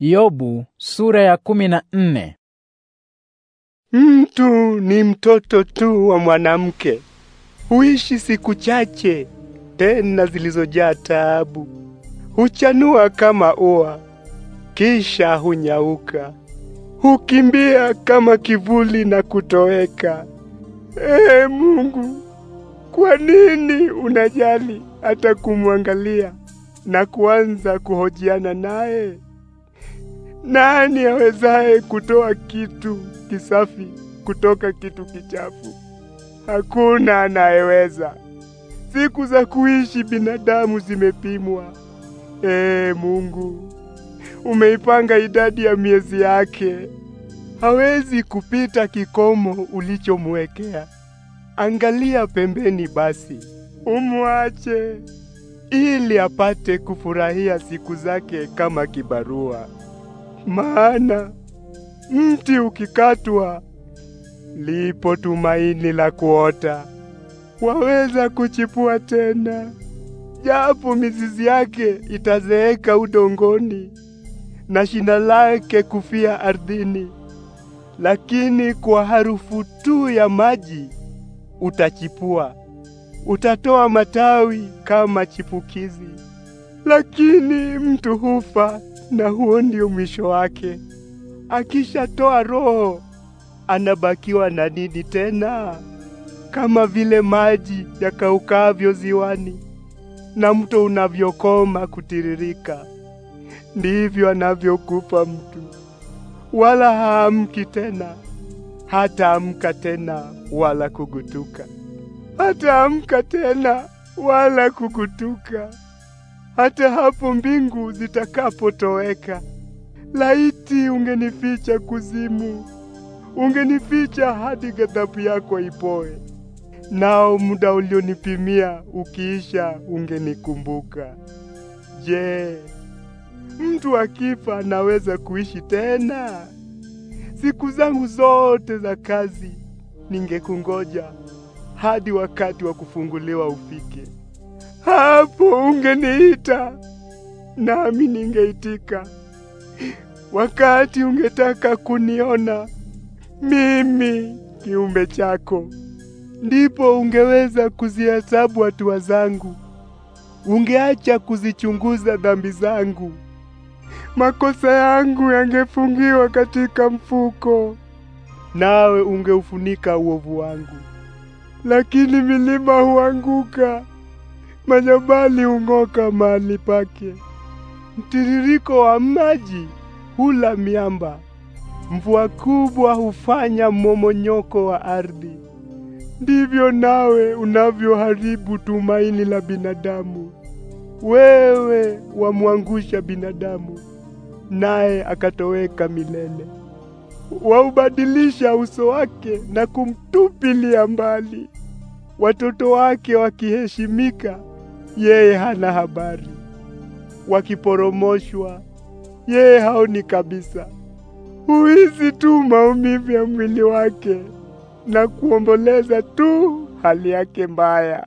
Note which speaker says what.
Speaker 1: Yobu sura ya kumi na nne. Mtu ni mtoto tu wa mwanamke, huishi siku chache tena zilizojaa taabu. Huchanua kama ua, kisha hunyauka, hukimbia kama kivuli na kutoweka. Ee Mungu, kwa nini unajali hata kumwangalia na kuanza kuhojiana naye? Nani awezaye kutoa kitu kisafi kutoka kitu kichafu? Hakuna anayeweza. Siku za kuishi binadamu zimepimwa. Ee Mungu, umeipanga idadi ya miezi yake. Hawezi kupita kikomo ulichomwekea. Angalia pembeni basi, umwache ili apate kufurahia siku zake kama kibarua. Maana mti ukikatwa, lipo tumaini la kuota, waweza kuchipua tena, japo mizizi yake itazeeka udongoni na shina lake kufia ardhini, lakini kwa harufu tu ya maji utachipua, utatoa matawi kama chipukizi. Lakini mtu hufa na huo ndio mwisho wake. Akishatoa roho, anabakiwa na nini tena? Kama vile maji yakaukavyo ziwani na mto unavyokoma kutiririka, ndivyo anavyokufa mtu, wala haamki tena, hata amka tena wala kugutuka, amka tena wala kugutuka hata hapo mbingu zitakapotoweka. Laiti ungenificha kuzimu, ungenificha hadi ghadhabu yako ipoe, nao muda ulionipimia ukiisha, ungenikumbuka. Je, mtu akifa anaweza kuishi tena? Siku zangu zote za kazi ningekungoja hadi wakati wa kufunguliwa ufike hapo ungeniita nami ningeitika. Wakati ungetaka kuniona mimi kiumbe chako, ndipo ungeweza kuzihesabu hatua zangu, ungeacha kuzichunguza dhambi zangu. Makosa yangu yangefungiwa katika mfuko, nawe ungeufunika uovu wangu, lakini milima huanguka Manyabali hung'oka mahali pake, mtiririko wa maji hula miamba, mvua kubwa hufanya momonyoko wa ardhi. Ndivyo nawe unavyoharibu tumaini la binadamu. Wewe wamwangusha binadamu, naye akatoweka milele. Waubadilisha uso wake na kumtupilia mbali. Watoto wake wakiheshimika yeye hana habari. Wakiporomoshwa, yeye haoni kabisa. Huhisi tu maumivu ya mwili wake na kuomboleza tu hali yake mbaya.